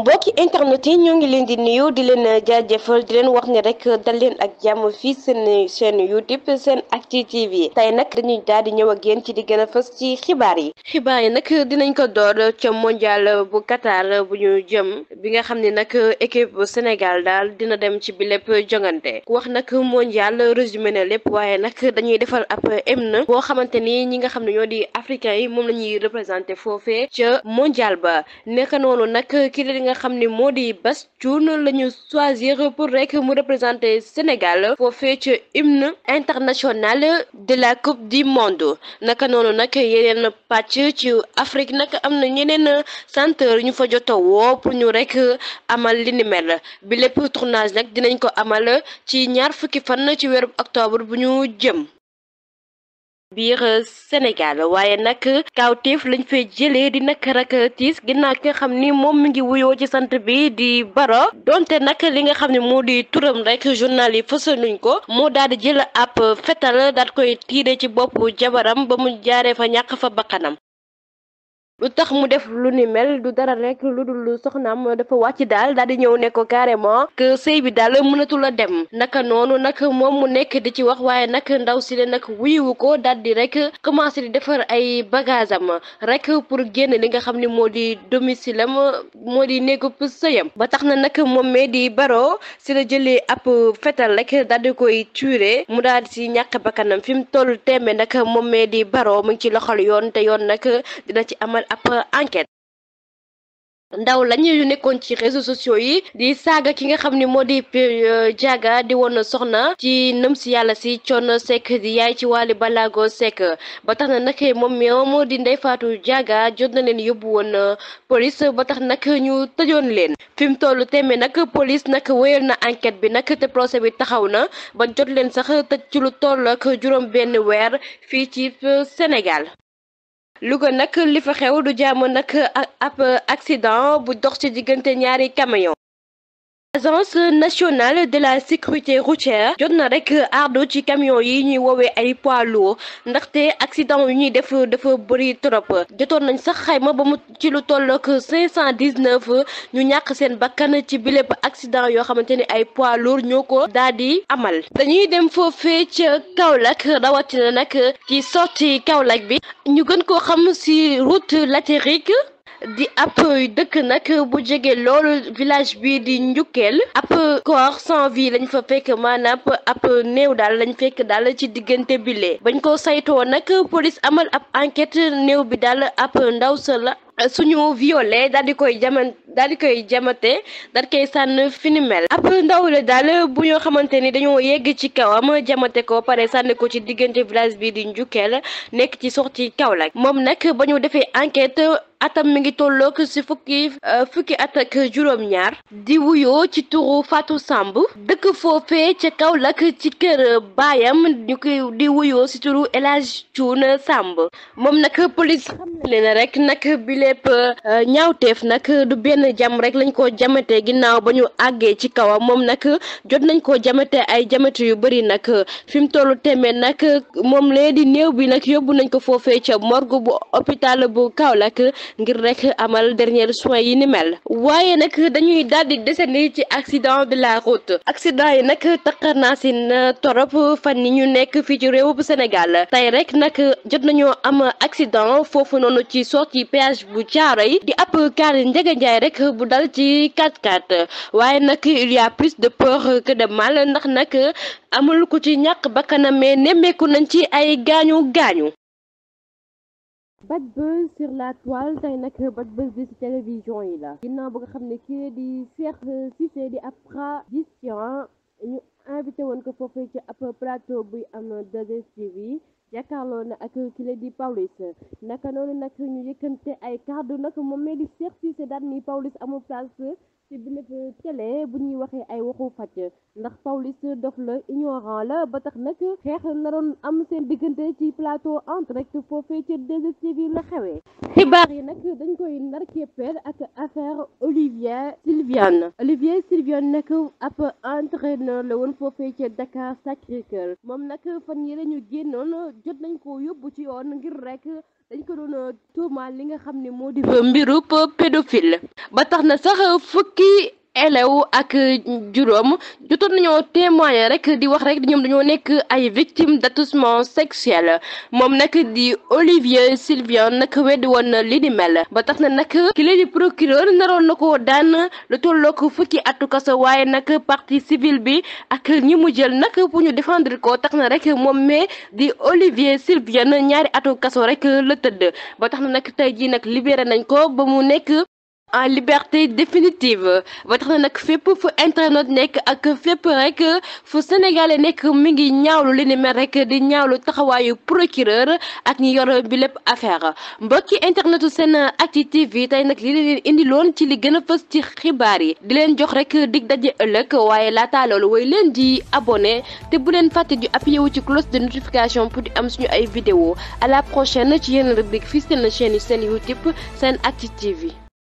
mbokki internet yi ñoo ngi leen di nuyu di leen jaajëfal di leen wax ni rek dal leen ak jàmm fii seen chaîne YouTube SENactu TV tey nag dañuy daal di ñëw ak yéen ci di gën a fës ci xibaar yi xibaar yi nag dinañ ko door ca mondial bu Qatar bu ñu jëm bi nga xam ne nag équipe bu Sénégal daal dina dem ci bi lépp jongante wax nag mondial résumé na lépp waaye nag dañuy defal ab na boo xamante ni ñi nga xam ne ñoo di africains yi moom la ñuy représenté foofee mondial ba ki nga xam ne moo di Bass Thioune la ñu choisir pour rek mu représenter Sénégal foofee ci hymne international de la coupe du monde naka noonu nag yeneen pàcc ci Afrique nag am na ñeneen centre ñu fa jot a woo pour ñu rek amal li ni mel bi lépp tournage nag dinañ ko amal ci ñaar fukki fan ci weeru octobre bu ñu jëm. biir euh, Sénégal waaye nag kawteef lañu fay jëlee di nag rak tiis ginnaaw ki nga xam ni moom mi ngi wuyoo ci sant bi di Baro donte nag li nga xam ne moo di turam rek journal yi fësal nuñ ko moo daal di jël ab fetal daal koy tiire ci bopp jabaram ba mu jaaree fa ñàkk fa bakkanam lu tax mu def lu ni mel du dara rek lu dul soxnaam dafa wàcc daal daal di ñëw ne ko carrément que sëy bi daal mënatul a dem naka noonu nag moom mu nekk di ci wax waaye nag ndaw si le nag wuyu ko daal di rek commencé di defar ay bagage rek pour génn li nga xam ni moo di domicile am moo di néegub sëyam ba tax na nag moom mee di baro si la jëlee ab fetal rek daal di koy tuure mu daal si ñàkk bakkanam fi mu toll teeme nag moom mee di baro mu ngi ci loxol yoon te yoon nag dina ci amal ab euh, enquête ndaw lañu nekkoon ci réseaux sociaux yi di saaga ki nga xam ni moo di jaaga euh, di woon soxna ci nëm si yàlla si Thione Seck di yaay ci wàll balaago Seck ba tax na nag moom moo di Ndeye Fatou jot na leen yóbbu woon euh, police ba tax nag ñu tëjoon leen fi mu toll téeméer nag police nag wéyal na enquête bi nag te procès bi taxaw na ba jot leen sax tëj ci lu toll ak juróom benn weer fii ci senegal Louga nag li fa xew du jàmm nag ab accident bu dox ci diggante ñaari camion agence nationale de la sécurité routière jot na rek ardo ci camion yi ñuy woowee ay poids lourds ndaxte accident yu ñuy def dafa bëri trop jotoon nañ sax xayma ba mu ci lu tollook cinq cent dix-neuf ñu ñàkk seen bakkan ci bilépp accident yoo xamante ni ay poids lourds ñoo ko daal di amal dañuy dem foofee ca Kaolack rawatina nag ci sortie Kaolack bi ñu gën koo xam ci route latérique di ab dëkk nag bu jóge loolu village bi di Njukkeel ab corps sans vie lañ fa fekk maanaam ab néew daal lañ fekk daal ci diggante bile bañ ko saytoo nag police amal ab enquête néew bi dal ab ndaw sa la suñu violé daal di koy jaman daal di koy jamate daal koy sànn fi ni ab ndaw la daal bu ñoo xamante ni dañoo yegg ci kawam jamate ko pare sànn ko ci diggante village bi di Njukkeel nekk ci sortie Kaolack moom nag ba defee enquête atam mi ngi tolloog si fukki euh, fukki atak ak juróom-ñaar di wuyoo ci turu Fatou Samb dëkk foofee ca Kaolack ci kër baayam ñu di wuyoo si turu El Hadj Thioune Samb moom nag police xam na leen rek nag bi lépp euh, ñaawteef nag du benn jam rek lañ ko jamate ginnaaw ba ñu àggee ci kawam moom nag jot nañ ko jamate ay jamate yu bëri nag fi mu tollu temee nag moom lee di néew bi nag yóbbu nañ ko foofee ca morgue bu hôpital bu Kaolack ngir rek amal dernier soin yi ni mel waaye nag dañuy daldi di ci accident de la route accident yi nag taqar naa si na torop fan yi ñu nekk fii ci réew bu Sénégal tey rek nag jot nañoo am accident foofu noonu ci sortie péage bu yi di ab kaar Ndiaga Ndiaye rek bu dal ci 4 x waaye nag il plus de peur que de mal ndax nag amul ko ci ñàkk bakkanam nemmeeku nañ ci ay gaañu gaañu bad buzz sur la toile tey nag bad buzz bi ci télévision yi la ginnaaw ba nga xam ne kii di Cheikh Cissé di ab praticien ñu woon ko foofee ci ab plateau buy am 2STV yi jàkkaarloo na ak kile di Pawlish naka noonu nag ñu yëkkante ay kàddu nag moom mee di Cheikh Cissé daal ni Pawlish amul place ci bilif télé bu ñuy waxee ay waxu faj ndax Pawlish dof la ignorant la ba tax nag xeex naroon am seen diggante ci plateau en direct foofee ca 2STV la xewee xibaar yi nag dañ koy nar képpeel ak affaire Olivier Sylviane Olivier Sylviane nag ab entraîneur la woon foofee ca Dakar Sacré-Cœur moom nag fan yi la ñu génnoon jot nañ ko yóbbu ci yoon ngir rek dañ ko doon euh, tuumaal li nga xam ne moo di mbiru pédophile ba tax na sax fukki elew ak juróom jotoon nañoo témoigner rek di wax rek ñoom dañoo nekk ay victimes d'atouchement sexuel moom nag di Olivier Sylvain nag weddi woon na li di mel ba tax na nag ki la di procureur naroon na ko daan lu tollook fukki atu kaso waaye nag partie civile bi ak ñi mu jël nag pour ñu défendre ko tax na rek moom mais di Olivier Sylvain ñaari atu kaso rek la tëdd ba tax na nag tey jii nag libéré nañ ko ba mu nekk en liberté définitive ba tax na nag fépp fu internet nekk ak fépp rek fu sénégalais nekk mu ngi ñaawlu li ni mel rek di ñaawlu taxawaayu procureur ak ñi yor bi lépp affaire mbokki internetu SENactu TV tey nag li leen indi loon ci li gën a fës ci xibaar yi di leen jox rek di daje ëllëg waaye laata loolu way leen di abonné te bu leen fàtte di appuyé wu ci cloche de notification pour di am suñu ay vidéo à la prochaine ci yeneen rubrique fii seen chaîne yi seen YouTube SENactu TV